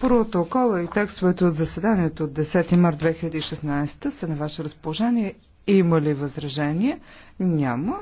Протокола и текстовете от заседанието от 10 март 2016 са на ваше разположение. Има ли възражение? Няма.